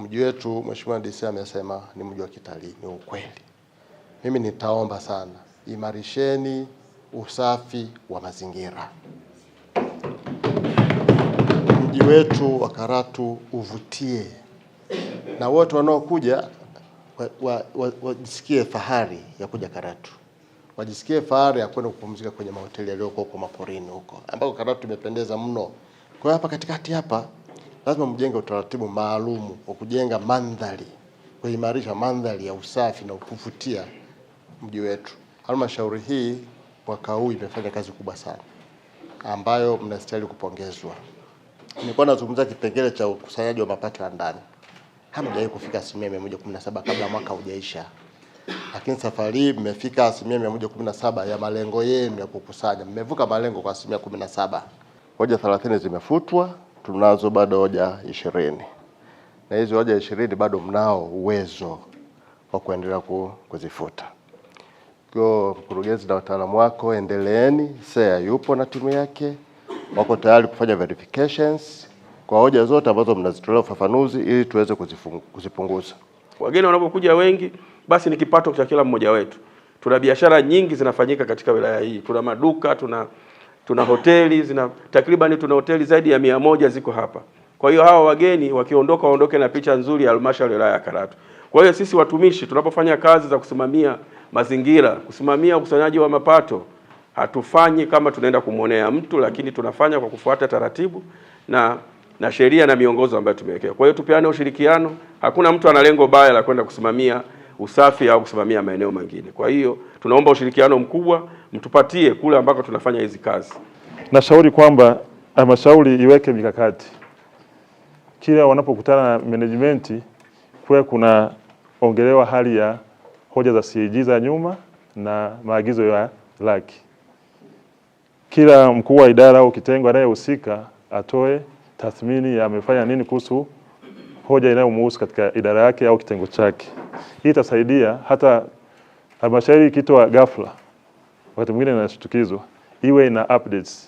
mji wetu Mheshimiwa DC amesema ni mji wa kitalii, ni ukweli. Mimi nitaomba sana, imarisheni usafi wa mazingira, mji wetu wa Karatu uvutie na wote wanaokuja wajisikie wa, wa, wa fahari ya kuja Karatu, wajisikie fahari ya kwenda kupumzika kwenye mahoteli yaliyoko huko maporini huko, ambako Karatu imependeza mno. Kwa hiyo hapa katikati hapa lazima mjenge utaratibu maalum wa kujenga mandhari, kuimarisha mandhari ya usafi na kuvutia mji wetu. Halmashauri hii mwaka huu imefanya kazi kubwa sana ambayo mnastahili kupongezwa. Nilikuwa nazungumza kipengele cha ukusanyaji wa mapato ya ndani, hamjawahi kufika asilimia mia moja kumi na saba kabla mwaka hujaisha, lakini safari hii mmefika asilimia mia moja kumi na saba ya malengo yenu ya kukusanya. Mmevuka malengo kwa asilimia kumi na saba. Hoja thelathini zimefutwa tunazo bado hoja ishirini na hizo hoja ishirini bado mnao uwezo wa kuendelea kuzifuta. Kwa mkurugenzi na wataalamu wako endeleeni. SEA yupo na timu yake, wako tayari kufanya verifications kwa hoja zote ambazo mnazitolea ufafanuzi ili tuweze kuzipunguza. Wageni wanapokuja wengi, basi ni kipato cha kila mmoja wetu. Tuna biashara nyingi zinafanyika katika wilaya hii, tuna maduka, tuna tuna hoteli zina takriban tuna hoteli zaidi ya mia moja ziko hapa. Kwa hiyo hawa wageni wakiondoka waondoke na picha nzuri ya halmashauri ya wilaya ya Karatu. Kwa hiyo sisi watumishi tunapofanya kazi za kusimamia mazingira, kusimamia ukusanyaji wa mapato, hatufanyi kama tunaenda kumwonea mtu, lakini tunafanya kwa kufuata taratibu na na sheria na miongozo ambayo tumewekewa. Kwa hiyo tupeane ushirikiano, hakuna mtu ana lengo baya la kwenda kusimamia usafi au kusimamia maeneo mengine. Kwa hiyo tunaomba ushirikiano mkubwa mtupatie kule ambako tunafanya hizi kazi. Nashauri kwamba halmashauri iweke mikakati kila wanapokutana na management kuwe kuna ongelewa hali ya hoja za CAG za nyuma na maagizo ya laki. Kila mkuu wa idara au kitengo anayehusika atoe tathmini ya amefanya nini kuhusu hoja inayomuhusu katika idara yake au kitengo chake. Hii itasaidia hata halmashauri ikitwa ghafla, wakati mwingine inashtukizwa, iwe ina updates